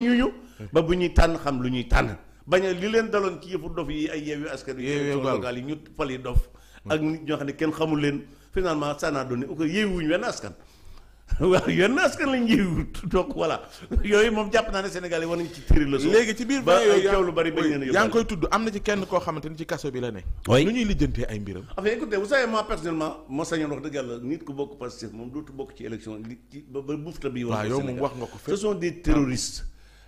ñuñu ba bu ñuy tànn xam lu ñuy tànn bañ a li leen daloon ci yëfu dof yi ay yeewu askan yi ñu fal yi dof ak nit ñoo xam ne kenn xamul leen finalement ça n'a donné aucun yeewuñu wenn askan waaw yenn askan lañ yeewu donc voilà yooyu moom jàpp naa ne Sénégal yi war na ci kenn koo xamante ne lu ñuy lijjantee ay mbiram enfin écoutez vous savez moi personnellement moo sañoon nit ku bokk Pastef moom dootu bokk ci élection ba bufta bi wax yow moom wax nga ko ce sont des terroristes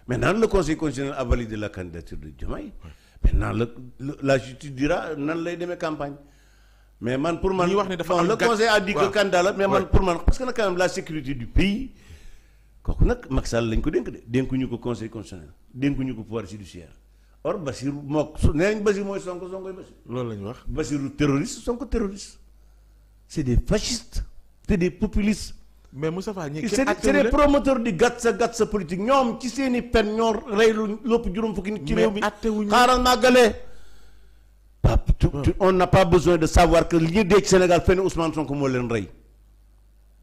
Maintenant, le Conseil constitutionnel a validé la candidature de Diomaye. Ouais. Maintenant, la le, la justice dira nan lay demee campagne. mais man pour man bon, le conseil a dit ouais. que candidat la mais ouais. man pour man parce que nag la sécurité du pays kooku nag Macky Sall lañ ko dénk de dénkuñu ko conseil constitutionnel dénkuñu ko pouvoir judiciaire or Bassirou mook su nee nañ Bassirou mooy Sonko Sonko Bassirou loolu lañu wax Bassirou terroriste Sonko terroriste c'est des fascistes c'est des populistes mais Moustapha ñi kenn c'est les promoteurs di gàtt sa gàtt sa politique ñoom ci seeni i pen ñoo rey lu lépp juróom fukki nit ci réew mi xaaral màggalee pap ah. on n'a pas besoin de savoir que li ñu dee ci Sénégal fenn Ousmane Sonko moo leen rey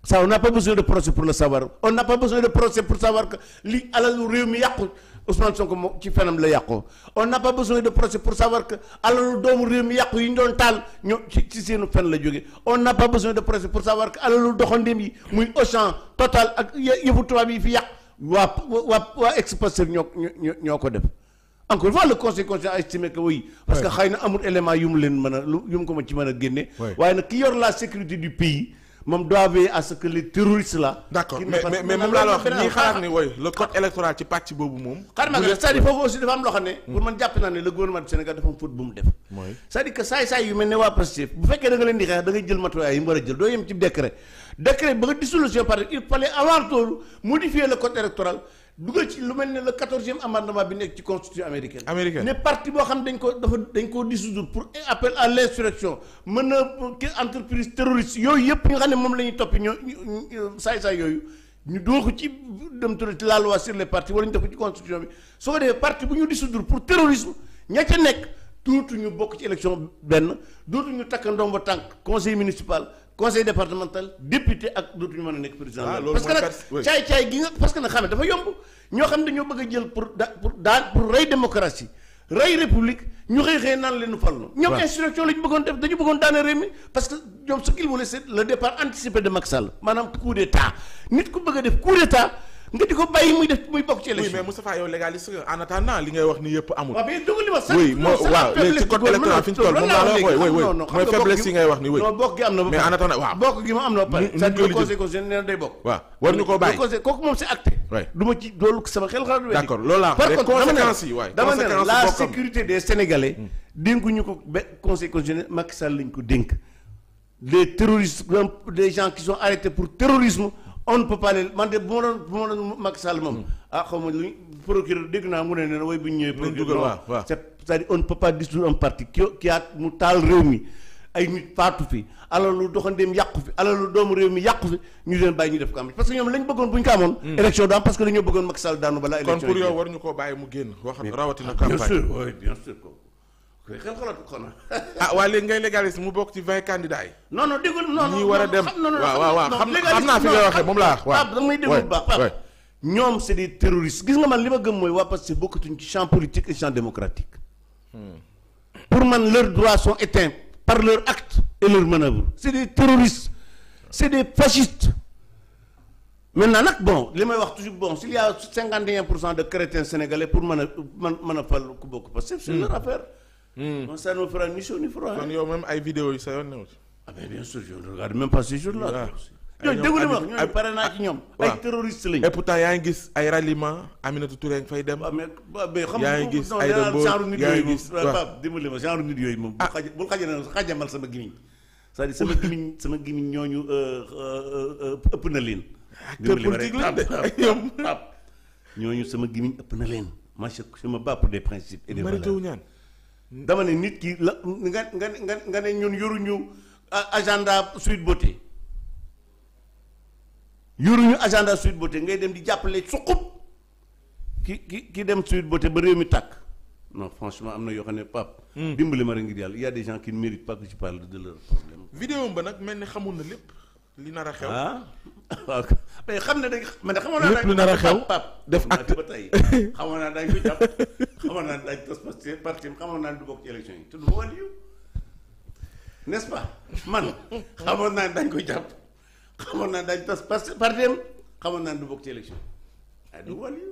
ça on n'a pas besoin de procès pour le savoir on n'a pas besoin de procès pour savoir que li alalu réew mi yàqu Ousmane Sonko moo ci fenam la yàqoo on n'a pas besoin de procès pour savoir que alalu doomu réew mi yàqu yi ñu doon taal ñoo ci ci seenu fen la jóge on n'a pas besoin de procès pour savoir que alalu doxandéem yi muy Auchan Total ak yëfu tubaab yi fi yàq waa waa waa expositeur ñoo ñoo ñoo ko def encore une fois le conseil constitutionnel a estimé que oui. parce que xëy na amul élément yu mu leen mën a lu yu mu ko ma ci mën a génne. waaye nag ki yor la sécurité du pays. moom doit veiller à ce que les terroristes là. d'accord mais mais mais moom laa la wax ñi xalaat ni woy le code électoral ci pàcc boobu moom. xaaral ma c'est-à-dire foofu aussi dafa am loo ne. pour man jàpp naa ne le gouvernement du Sénégal dafa am faute bu mu def. mooy cest saay-saay yu mel ne waa Pastef bu fekkee da leen di xeex da jël matuwaay yi mu war a jël doo yem ci décret décret ba nga dissolution parti il fallait avant tout modifier le code électoral dugal ci lu mel ne le quatorzième amendement bi nekk ci constitution américaine. américaine ne parti boo xam dañ ko dafa dañ koo dissoudre pour appel à l' insurrection mën a entreprise terroriste yooyu yëpp ñu xam ne moom la ñuy topp ñoo saay-saay yooyu ñu doo ko ci dem ci la loi sur les partis wala ñu def ko ci constitution bi soo ko defee parti bu ñu dissoudre pour terrorisme ña ca nekk dootuñu bokk ci élection benn dootuñu takk ndomba tànk conseil municipal. conseil départemental député ak dootuñu mën a nekk président ah, parce que nag caay caay gi nga parce que xam ne dafa yomb ñoo xam ne dañoo bëgg a jël pour da pour daal pour rey démocratie rey république ñu xëy xëy naan leen fal na ñoom insurrection la ñu bëggoon def dañu bëggoon daane réew mi parce ñoom ce qu'il voulait c'est le départ de Macky Sall maanaam coup d'état nit ku bëgg a def coup d'état nga di ko bàyyi muy def muy bokk ci élection. oui mais li ngay wax ni yëpp amul. waaw mais dugg li ma sax. oui moo waaw léegi ci code électoral fi la wax bokk gi ma am na war ñu koo bàyyi kooku moom c'est acté. oui ci loolu sama xel xalaatu. d'accord loolu laa par contre la hmm. ko ba conseil constitutionnel Macky Sall lañ ko dénk les terroristes les gens qui sont arrêtés pour terrorisme on ne peut pas leen man de bu ma doon bu ma moom. Hmm. ah xaw ma lu procureur dégg naa mu ne ne way bu ñu ñëwee. procureur waaw waaw c'est-à-dire on ne peut pas ki ki at mu taal réew mi ay nit faatu fi alalu doxandeem yàqu fi alalu doomu réew mi yàqu fi ñu leen bàyyi ñu def ko am parce que ñoom bëggoon bu ñu ko amoon. Hmm. parce que dañoo bëggoon Macky Sall daanu balaa. élection kon pour yow war ñu koo bàyyi mu génn. wax rawatina campagne xel xalaatu ko na. ah waa léegi ngay légaliste mu bokk ci vingt candidats yi. non non déggul non non ñi war a dem waaw waaw waaw xam xam naa fi nga waxee moom laa waaw waaw da ngay déglu bu baax waaw ñoom c'est des terroristes gis nga man li ma gëm mooy waa parce que bokkatuñ ci champ politique et champ démocratique. Hmm. pour man leurs droits sont éteints par leur acte et leur manœuvre c'est des terroristes c'est des fascistes maintenant nag bon li may wax toujours bon s'il y a cinquante et un pour cent de chrétiens sénégalais pour mën a mën mën a fal ku bokk parce que c'est hmm. leur affaire. Hmm. donc ça ne fera ni chaud ni froid. kon yow même ay vidéo yi sa yoon new ci. ah bien sûr je ne regarde même pas ces jours-là. waaw ñooñu ma ñooñu pare naa ci ñoom. ay terroristes lañu. et pourtant yaa ngi gis ay ralliement Aminata Touré nga fay dem. waaw mais mais xam nga moom non nee naa genre nit yooyu moom Pape dimbali ma genre nit yooyu moom. ah bu xaj bu xajamal xajamal sama gimiñ. sa à sama gimiñ sama gimiñ ñooñu euh, euh, euh, ëpp na leen. dimbali ma rek ñooñu sama gimiñ ëpp na leen. ma je ma bàpp de principes et des ñaan dama ne nit ki la nga nga nga nga ne ñun yoruñu agenda Sweet Beauté yoruñu agenda Sweet Beauté ngay dem di jàppale suqub ki ki ki dem Sweet Beauté ba réew mi tàkk non franchement am na yoo xam ne Pape. Hmm. dimbali ma rek ngir yàlla y a des gens qui ne méritent pas que de leur problème. vidéo ba nag mel ni xamul na lépp. li nar a xew ah? mais xam ne dañ man de xamoon naa lépp lu nar a xew Pape def acte ba tey xamoon naa dañ ko jàpp xamoon naa daaj tos parce que parti xamoon naa du bokk ci xamoon naa dañ ko jàpp xamoon naa dañ tas parce que parti xamoon naa du bokk ci élection ah du wàll yu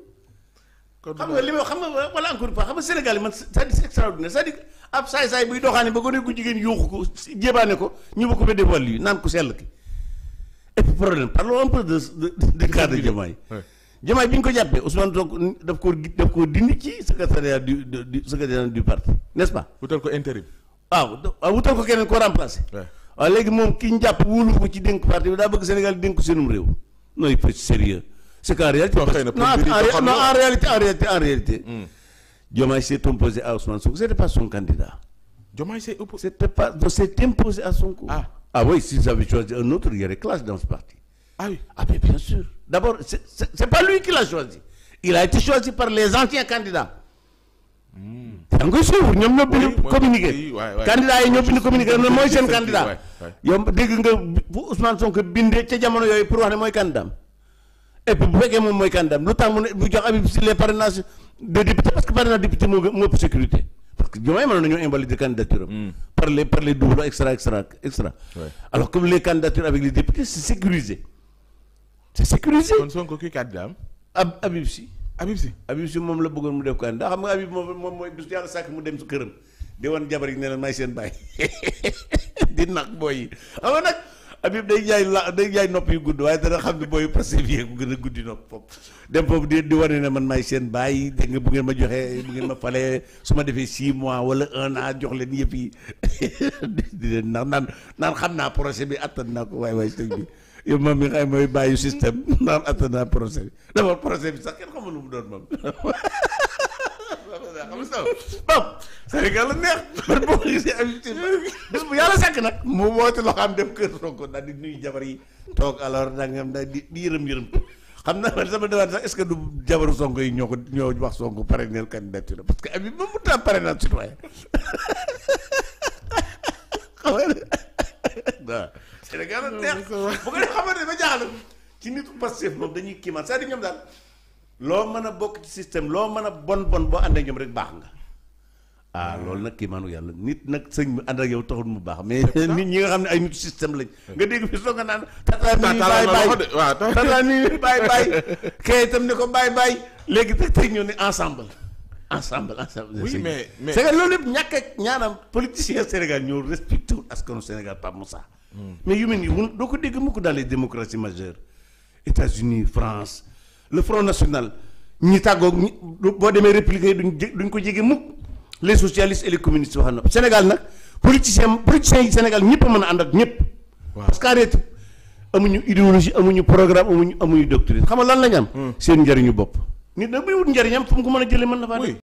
xam nga li ma xam nga wala encore une xam nga Sénégal yi man c'est-à-dire c'est extraordinaire cest ab saay-saay buy doxaani ba gone gu jigéen yuuxu ko jébaane ko ñu ba ko beddee wàll yu naan ko sell ki et puis problème parlons un peu de de cas de Diomaye Diomaye bi ñu ko jàppee Ousmane Sonko daf koo daf koo dindi ci secrétariat du du secrétariat du parti n'est-ce pas. wutal ko intérim. waaw ah, waaw ah, wutal ko keneen koo remplacé. waaw ah, léegi moom ki ñu jàpp wóolu ko ci dénk parti bi daa bëgg Sénégal dénk seenum réew. non il faut sérieux c'est qu'en réalité. non en réalité en réalité en réalité. Hmm. Diomaye s'est opposé à Ousmane Sonko c'était pas son candidat. Diomaye s'est opposé. à Sonko. ah ah oui s'ils avaient choisi un autre il classe dans ce Ah oui. Ah bien, bien sûr. D'abord, c'est c'est pas lui qui l'a choisi. Il a été choisi par les anciens candidats. da hmm. nga koy suivre ñoom ñoo bind communiqué candidat yi ñoo bind communiqué mooy seen candidat yow dégg nga bu Ousmane Sonko bindee ca jamono yooyu pour wax ne mooy candidat et puis bu fekkee moom mooy candidat lu tax mu ne bu jox Habib Sy les parrainages de député parce que parrainage député moo moo ëpp sécurité parce que Diomaye mënoon nañoo invalider candidature hmm. par les par les doublons extra extra extra alors comme les c'est sécurisé. kon Sonko kii candidat am. ab Habib Sy. Habib Sy Habib Sy moom la bëggoon mu def candidat xam nga Habib moom moom mooy bis yàlla sàkk mu dem su këram di wan jabar yi ne leen may seen baay di nax booy yi xam nga nag Habib day jaay la day jaay nopp yu gudd waaye dana xam ne booy yu passé bi ku gën a guddi nopp foofu dem foofu di di wane ne man may seen baay dégg nga bu ngeen ma joxee bu ngeen ma falee su ma defee six mois wala un an jox leen yëpp yi di leen nax naan naan xam naa projet bi attan naa ko waay waay sëñ bi. yow moom mi xay mooy bàyyi système naan attana procès bi d'abord procès bi sax kenn xamul lu mu doon moom xam sa moom Sénégal la neex man boo gisee habitude bés bu yàlla sàkk nag mu woote loo xam def kër Sonko daal di nuyu jabar yi toog alors dangam daal di di yërëm yërëm xam naa man sama dewaat sax est-ce que du jabaru Sonko yi ñoo ko ñoo wax Sonko pare neel candidature parce que abi moom mu taa pare naa citoyen waaw Sénégal la neex bu ko def xamante ne ba jaaxle ci nit Pastef moom dañuy kii man cest ñoom daal loo mën a bokk ci système loo mën a bon bon boo ànd ak ñoom rek baax nga. Ah, hmm. loolu nag kii maanu yàlla nit nag sëñ bi ànd ak yow taxul mu baax mais nit ñi nga xam ne ay nit système lañ hmm. nga dégg fi soo nga naan tataa mi bàyyi bàyyi itam ne ko bàyyi bàyyi léegi teg tey ñëw ne ensemble ensemble ensemble oui mais mais loolu yëpp ñàkk ak ñaanam politicien Sénégal ñoo respecté wul askanu Sénégal Pape Moussa mais yu mel nii mun doo ko dégg mukk dans les démocraties majeures États-Unis France le Front national ñi tàggoog ñi boo demee républicain duñ duñ ko jege mukk les socialistes et les communistes wax na Sénégal nag politicien politiciens yi Sénégal ñëpp a mën a ànd ak ñëpp. parce que arrêté amuñu idéologie amuñu programme amuñu amuñu doctrine xam nga lan lañ am. Hmm. seen njëriñu bopp. nit nag bu wut njëriñam fu mu ko mën a jëlee mën na faa